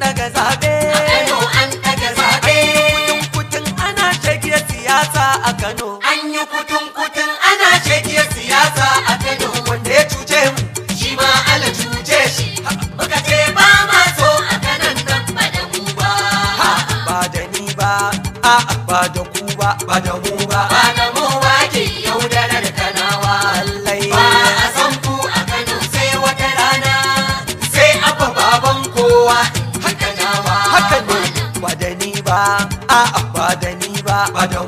daga zaɓe. A Kano an daga zaɓe. Kutun kutun ana shege siyasa a Kano. An yi kutun kutun ana shege siyasa a Kano. Wanda ya cuce mu shi ma ala cuce shi. Muka ce ba ma so a kanan nan ba da mu ba. da ni ¡Vaya!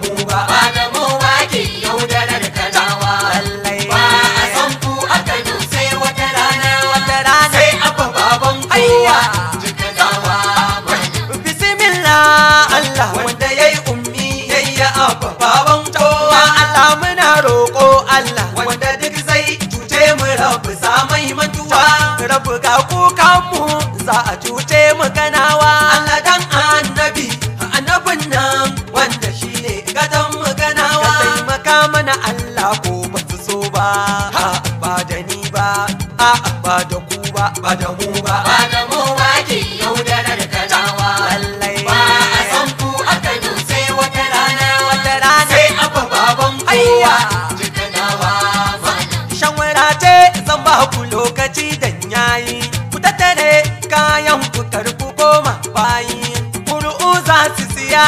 ba da mu ba ba da mu ba ki yaudarar kanawa lallai ba a san ku a Kano sai wata rana wata rana sai abba baban kowa jikanawa shawara ce zan ba ku lokaci da yayi ku tattare kayan ku karku goma bayi kuru'u za su siya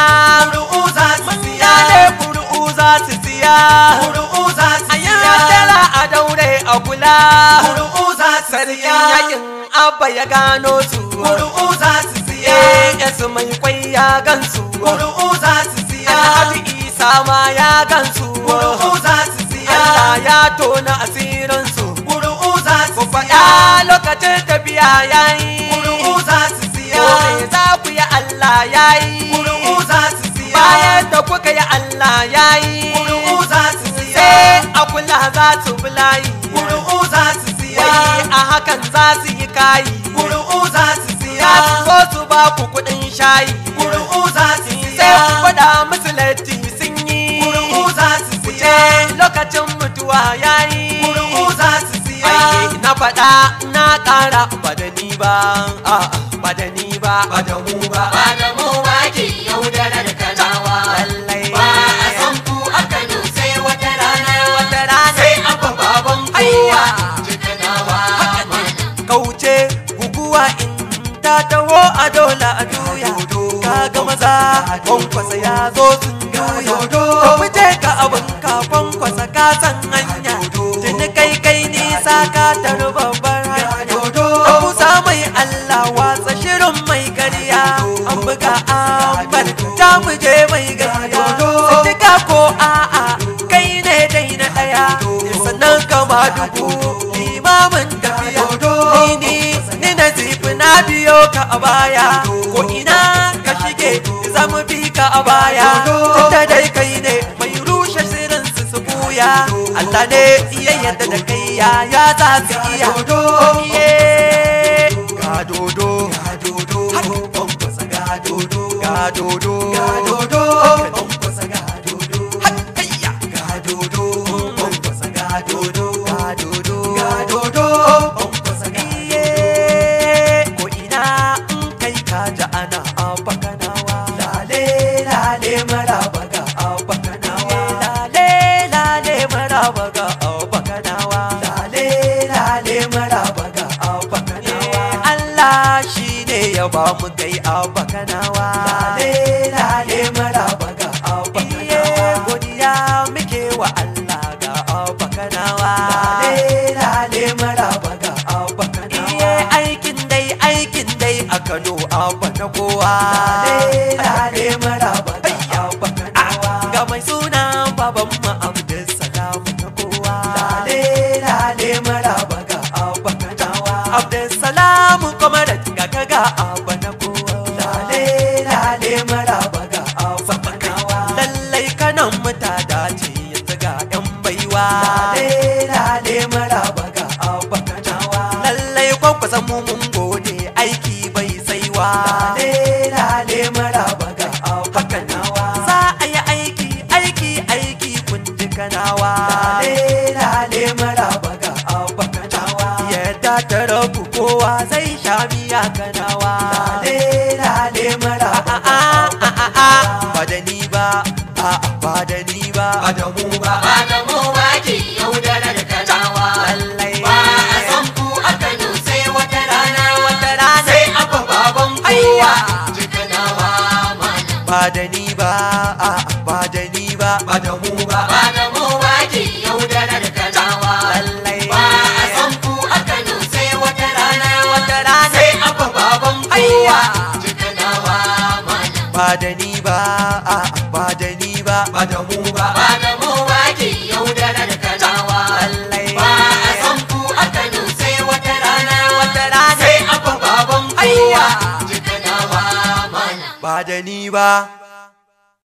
kuru'u za su siya ne kuru'u za su siya kuru'u za su siya a yi a daure a kula kuru'u za sarkin yakin abba ya gano su kuru'u za su siya eh, su mai kwai ya gansu kuru'u za su siya alhaji isa ma ya gansu kuru'u za su siya allah ya tona asirin su kuru'u za su siya lokacin tafiya yayi kuru'u za su siya me za ku yi allah yayi kuru'u za su siya bayan da kuka yi allah yayi kuru'u za su siya sai a kula za su bulayi kuru'u hakan za su yi kayi ƙuri'u za su siya za su so su ba ku kuɗin shayi ƙuri'u za su siya sai ku faɗa musu latti sun yi ƙuri'u za su siya lokacin mutuwa ya yi ƙuri'u za su siya na faɗa na ƙara ba da ni ba ba da ni ba ba da mu ba ba da mu ba ki yaudara a taho a dola a juya ka ga maza kwankwasa ya zo sun juya ka fice ka abin ka kwankwasa ka san hanya tuni kai kai nisa ka taru babbar hanya kusa mai allah watsa shirin mai gariya an buga an ta ta muje mai gariya duka ko a'a kai ne dai na ɗaya sannan ba dubu ka a baya ko ina ka shige za mu bi ka a baya tunda dai kai ne mai rushe sirrin su su buya Allah ne iya yadda da kai ya ya za su iya dodo ga dodo ga dodo ga dodo lale maraba ga abba kanawa lale lale maraba lale lale Allah shine ya ba mu kai abba kanawa lale lale muke wa Allah ga abba kanawa lale lale aikin dai aikin dai a Kano abba na kowa lale lale baban ma abdul salam na kowa lale lale maraba ga abba kanawa abdul salam kuma da tinga kaga abba na kowa lale lale maraba ga abba kanawa lallai kanan muta dace ya tsaga yan baiwa lale lale maraba ga abba kanawa lallai kwakwasa mu mun gode aiki bai saiwa lale lale maraba ga jami'a kanawa lale lale mara ah, ah, ah, ba da ni ba ba da ni ba ba da mu ba ba da mu ba ki yaudarar kanawa lallai ba a san ku a Kano sai wata rana wata rana sai abba baban kowa ji kanawa ba da ni ba ba da ni ba ba da mu ba ba da mu ba ki yaudarar kanawa lallai ba a san ku a Kano sai wata rana wata rana ba da ni ba a ba da ni ba ba da mu ba ba da mu ba ki da kanawa Allah ba a san ku a Kano sai wata rana wata rana sai abba baban kowa jikanawa mana ba da ni ba